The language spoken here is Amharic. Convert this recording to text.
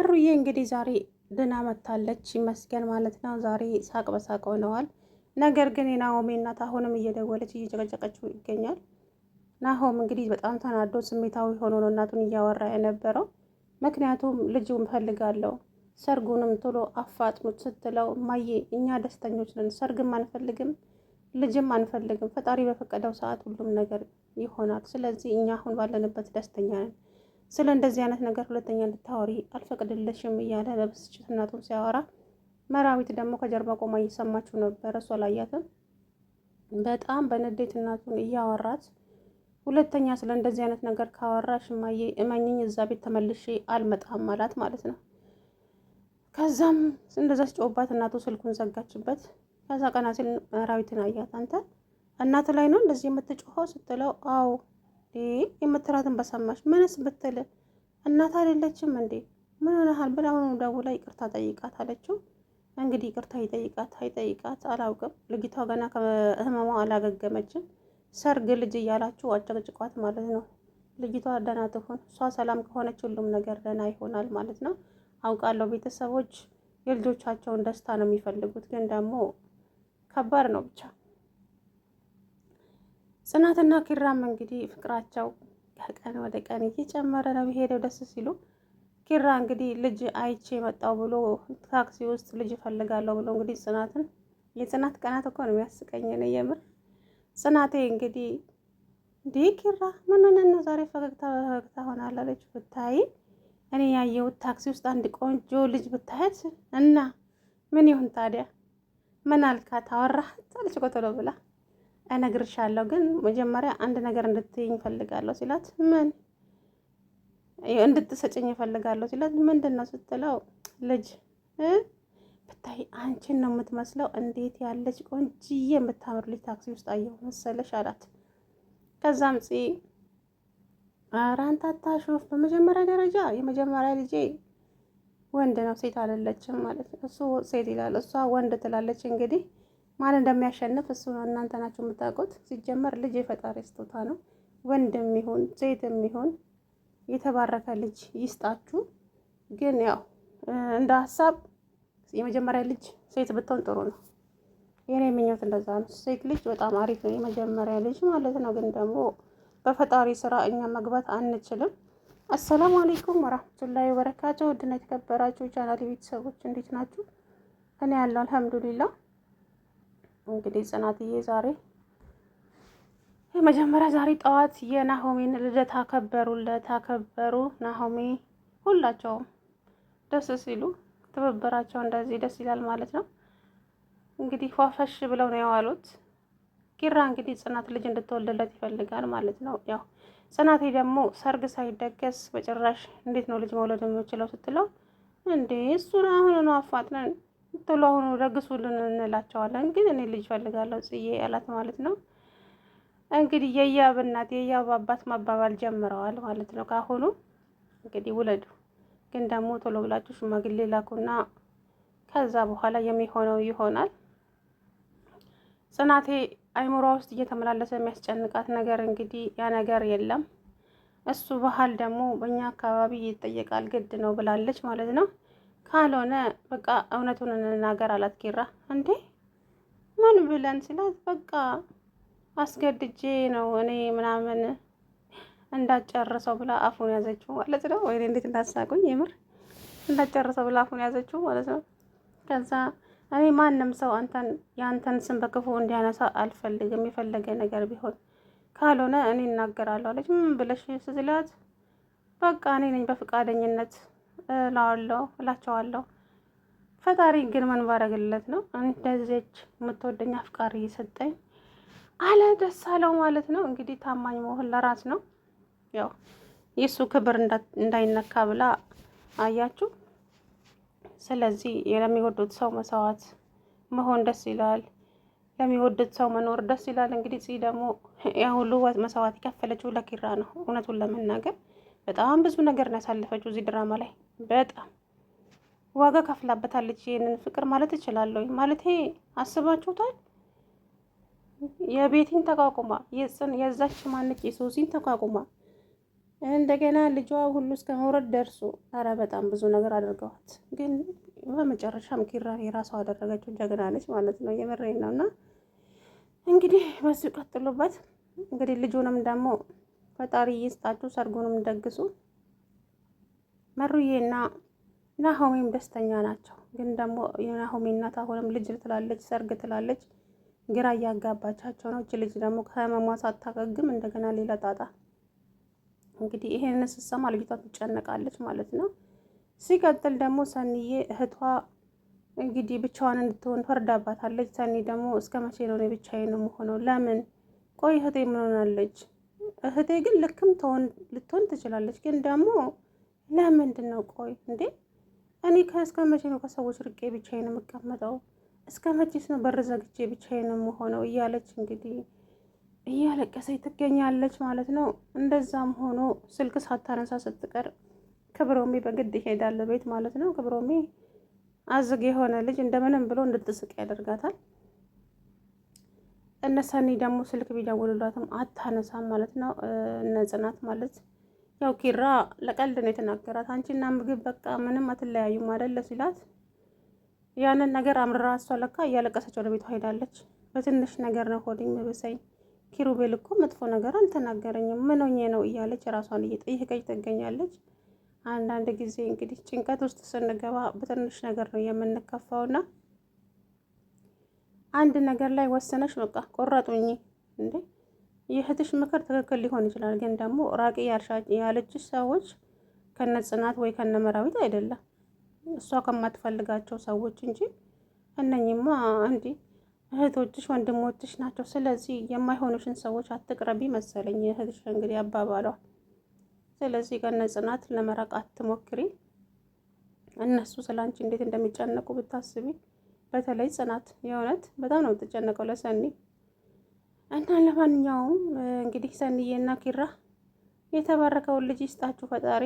እሩዬ እንግዲህ ዛሬ ድና መታለች ይመስገን ማለት ነው። ዛሬ ሳቅ በሳቅ ሆነዋል። ነገር ግን የናሆሜ እናት አሁንም እየደወለች እየጨቀጨቀችው ይገኛል። ናሆም እንግዲህ በጣም ተናዶ ስሜታዊ ሆኖ ነው እናቱን እያወራ የነበረው። ምክንያቱም ልጁን ፈልጋለሁ ሰርጉንም ቶሎ አፋጥኑት ስትለው ማዬ እኛ ደስተኞች ነን፣ ሰርግም አንፈልግም፣ ልጅም አንፈልግም። ፈጣሪ በፈቀደው ሰዓት ሁሉም ነገር ይሆናል። ስለዚህ እኛ አሁን ባለንበት ደስተኛ ነን ስለ እንደዚህ አይነት ነገር ሁለተኛ እንድታወሪ አልፈቅድልሽም እያለ በብስጭት እናቱን ሲያወራ መራዊት ደግሞ ከጀርባ ቆማ እየሰማችው ነበረ። እሷ ላያትም በጣም በንዴት እናቱን እያወራት ሁለተኛ ስለ እንደዚህ አይነት ነገር ካወራሽ እማዬ እመኝኝ እዛ ቤት ተመልሼ አልመጣም አላት ማለት ነው። ከዛም እንደዛ ስጮባት እናቱ ስልኩን ዘጋችበት። ከዛ ቀና ሲል መራዊትን አያት። አንተ እናት ላይ ነው እንደዚህ የምትጮኸው ስትለው አዎ የምትላትን በሰማች ምንስ ብትል እናት አይደለችም እንዴ ምን ሆነሃል ብላ አሁኑ ደውላ ይቅርታ ጠይቃት አለችው። እንግዲህ ይቅርታ ይጠይቃት አይጠይቃት አላውቅም። ልጅቷ ገና ከህመሟ አላገገመችም። ሰርግ ልጅ እያላችሁ አጨቅጭቋት ማለት ነው። ልጅቷ ደህና ትሆን፣ እሷ ሰላም ከሆነች ሁሉም ነገር ደህና ይሆናል ማለት ነው። አውቃለሁ ቤተሰቦች የልጆቻቸውን ደስታ ነው የሚፈልጉት፣ ግን ደግሞ ከባድ ነው ብቻ ጽናትና ኪራም እንግዲህ ፍቅራቸው ከቀን ወደ ቀን እየጨመረ ነው የሄደው። ደስ ሲሉ ኪራ እንግዲህ ልጅ አይቼ መጣው ብሎ ታክሲ ውስጥ ልጅ እፈልጋለሁ ብሎ እንግዲህ ጽናትን የጽናት ቀናት እኮ ነው የሚያስቀኝ ነው የምር። ጽናቴ እንግዲህ እንዲህ ኪራ ምን ነው ዛሬ ፈገግታ ፈገግታ ሆናለች ብታይ እኔ ያየሁት ታክሲ ውስጥ አንድ ቆንጆ ልጅ ብታያት እና ምን ይሁን ታዲያ ምን አልካት አወራህ አለች እኮ ብላ እነግርሻለሁ ግን መጀመሪያ አንድ ነገር እንድትይኝ ፈልጋለሁ ሲላት፣ ምን እንድትሰጭኝ እፈልጋለሁ ሲላት፣ ምንድን ነው ስትለው፣ ልጅ ብታይ አንቺን ነው የምትመስለው። እንዴት ያለች ቆንጅዬ የምታምር ልጅ ታክሲ ውስጥ አየሁ መሰለሽ አላት። ከዛም ፅ ኧረ አንተ በመጀመሪያ ደረጃ የመጀመሪያ ልጄ ወንድ ነው ሴት አለለችም ማለት እሱ ሴት ይላል እሷ ወንድ ትላለች እንግዲህ ማን እንደሚያሸንፍ እሱ እናንተ ናችሁ የምታውቁት። ሲጀመር ልጅ የፈጣሪ ስጦታ ነው። ወንድም ይሁን ሴትም ይሁን የተባረከ ልጅ ይስጣችሁ። ግን ያው እንደ ሀሳብ የመጀመሪያ ልጅ ሴት ብትሆን ጥሩ ነው። የኔ ምኞት እንደዛ ነው። ሴት ልጅ በጣም አሪፍ ነው፣ የመጀመሪያ ልጅ ማለት ነው። ግን ደግሞ በፈጣሪ ስራ እኛ መግባት አንችልም። አሰላሙ አሌይኩም ወራህመቱላሂ ወበረካቱ። ውድና የተከበራችሁ ቻናል ቤተሰቦች እንዴት ናችሁ? እኔ ያለው አልሐምዱሊላህ እንግዲህ ጽናትዬ ዛሬ የመጀመሪያ ዛሬ ጠዋት የናሆሜን ልደት አከበሩለት። አከበሩ ናሆሜ ሁላቸውም ደስ ሲሉ ትብብራቸው እንደዚህ ደስ ይላል ማለት ነው። እንግዲህ ፏፈሽ ብለው ነው የዋሉት። ኪራ እንግዲህ ጽናት ልጅ እንድትወልድለት ይፈልጋል ማለት ነው። ያው ጽናቴ ደግሞ ሰርግ ሳይደገስ በጭራሽ እንዴት ነው ልጅ መውለድ የምችለው ስትለው እንዴ እሱን አሁን ነው አፋጥነን ቶሎ አሁኑ ደግሱልን እንላቸዋለን። ግን እኔ ልጅ ፈልጋለሁ ጽዬ ያላት ማለት ነው። እንግዲህ የያብ እናት የያብ አባት ማባባል ጀምረዋል ማለት ነው። ካሁኑ እንግዲህ ውለዱ፣ ግን ደግሞ ቶሎ ብላችሁ ሽማግሌ ላኩና ከዛ በኋላ የሚሆነው ይሆናል። ጽናቴ አይምሯ ውስጥ እየተመላለሰ የሚያስጨንቃት ነገር እንግዲህ ያ ነገር የለም እሱ ባህል ደግሞ በእኛ አካባቢ ይጠየቃል ግድ ነው ብላለች ማለት ነው። ካልሆነ በቃ እውነቱን እንናገር አላት ኪራ። እንዴ ምን ብለን ስላት በቃ አስገድጄ ነው እኔ ምናምን እንዳጨርሰው ብላ አፉን ያዘችው ማለት ነው። ወይ እንዴት እንዳሳቁኝ የምር እንዳጨርሰው ብላ አፉን ያዘችው ማለት ነው። ከዛ እኔ ማንም ሰው አንተን የአንተን ስም በክፉ እንዲያነሳ አልፈልግም፣ የፈለገ ነገር ቢሆን ካልሆነ እኔ እናገራለሁ አለች። ምን ብለሽ ስትላት፣ በቃ እኔ ነኝ በፈቃደኝነት እላዋለሁ እላቸዋለሁ። ፈጣሪ ግን ምን ባረግለት ነው እንደዚች የምትወደኝ አፍቃሪ ሰጠኝ አለ። ደስ አለው ማለት ነው። እንግዲህ ታማኝ መሆን ለራስ ነው። ያው የእሱ ክብር እንዳይነካ ብላ አያችሁ። ስለዚህ ለሚወዱት ሰው መስዋዕት መሆን ደስ ይላል። ለሚወዱት ሰው መኖር ደስ ይላል። እንግዲህ ጽ ደግሞ ያ ሁሉ መስዋዕት የከፈለችው ለኪራ ነው። እውነቱን ለመናገር በጣም ብዙ ነገር ነው ያሳለፈችው እዚህ ድራማ ላይ በጣም ዋጋ ከፍላበታለች። ይህንን ፍቅር ማለት እችላለሁ ማለት አስባችሁታል። የቤቲን ተቋቁማ የጽን የዛች ማነች የሶሲን ተቋቁማ እንደገና ልጇ ሁሉ እስከ መውረድ ደርሶ፣ ኧረ በጣም ብዙ ነገር አድርገዋት፣ ግን በመጨረሻም ኪራን የራሷ አደረገችው። ጀግና ነች ማለት ነው። የምሬን ነው። እና እንግዲህ በዚሁ ቀጥሉበት። እንግዲህ ልጁንም ደግሞ ፈጣሪ ይስጣችሁ፣ ሰርጉንም ደግሱ። መሩዬና ናሆሜም ደስተኛ ናቸው። ግን ደግሞ የናሆሜ እናት አሁንም ልጅ ትላለች፣ ሰርግ ትላለች፣ ግራ እያጋባቻቸው ነው። እች ልጅ ደግሞ ከህመሟ ሳታገግም እንደገና ሌላ ጣጣ። እንግዲህ ይሄንን ስሰማ ልጅቷ ትጨነቃለች ማለት ነው። ሲቀጥል ደግሞ ሰኒዬ እህቷ እንግዲህ ብቻዋን እንድትሆን ፈርዳባታለች። ሰኒ ደግሞ እስከ መቼ ነው እኔ ብቻዬን የምሆነው? ለምን ቆይ እህቴ ምን ሆናለች? እህቴ ግን ልክም ልትሆን ትችላለች ግን ደግሞ ለምንድን ነው ቆይ እንዴ? እኔ ከእስከ መቼ ነው ከሰዎች ርቄ ብቻዬን የምቀመጠው? እስከ መቼስ ነው በር ዘግቼ ብቻዬን የምሆነው? እያለች እንግዲህ እያለቀሰች ትገኛለች ማለት ነው። እንደዛም ሆኖ ስልክ ሳታነሳ ስትቀር ክብሮሜ በግድ ይሄዳል ቤት ማለት ነው። ክብሮሜ አዝግ የሆነ ልጅ እንደምንም ብሎ እንድትስቅ ያደርጋታል። እነ ሰኒ ደግሞ ስልክ ቢደውሉላትም አታነሳም ማለት ነው። እነ ጽናት ማለት ያው ኪራ ለቀልድ ነው የተናገራት። አንቺና ምግብ በቃ ምንም አትለያዩም አይደለ ሲላት ያንን ነገር አምርራ እሷ ለካ እያለቀሰች ወደ ቤቷ ሄዳለች። በትንሽ ነገር ነው ሆድኝ መብሰኝ ኪሩቤል እኮ መጥፎ ነገር አልተናገረኝም ምን ሆኜ ነው እያለች ራሷን እየጠየቀች ትገኛለች። አንዳንድ ጊዜ እንግዲህ ጭንቀት ውስጥ ስንገባ በትንሽ ነገር ነው የምንከፋውና አንድ ነገር ላይ ወሰነች በቃ ቆረጡኝ እንዴ የእህትሽ ምክር ትክክል ሊሆን ይችላል፣ ግን ደግሞ ራቂ ያለችሽ ሰዎች ከነ ጽናት ወይ ከነ መራዊት አይደለም እሷ ከማትፈልጋቸው ሰዎች እንጂ እነኝማ እንዲ እህቶችሽ ወንድሞችሽ ናቸው። ስለዚህ የማይሆኑሽን ሰዎች አትቅረቢ መሰለኝ እህትሽ እንግዲህ አባባሏል። ስለዚህ ከነ ጽናት ለመራቅ አትሞክሪ። እነሱ ስለ አንቺ እንዴት እንደሚጨነቁ ብታስቢ። በተለይ ጽናት የእውነት በጣም ነው የምትጨነቀው ለሰኒ እና ለማንኛውም እንግዲህ እና ኪራ የተባረከውን ልጅ ይስጣችሁ ፈጣሪ።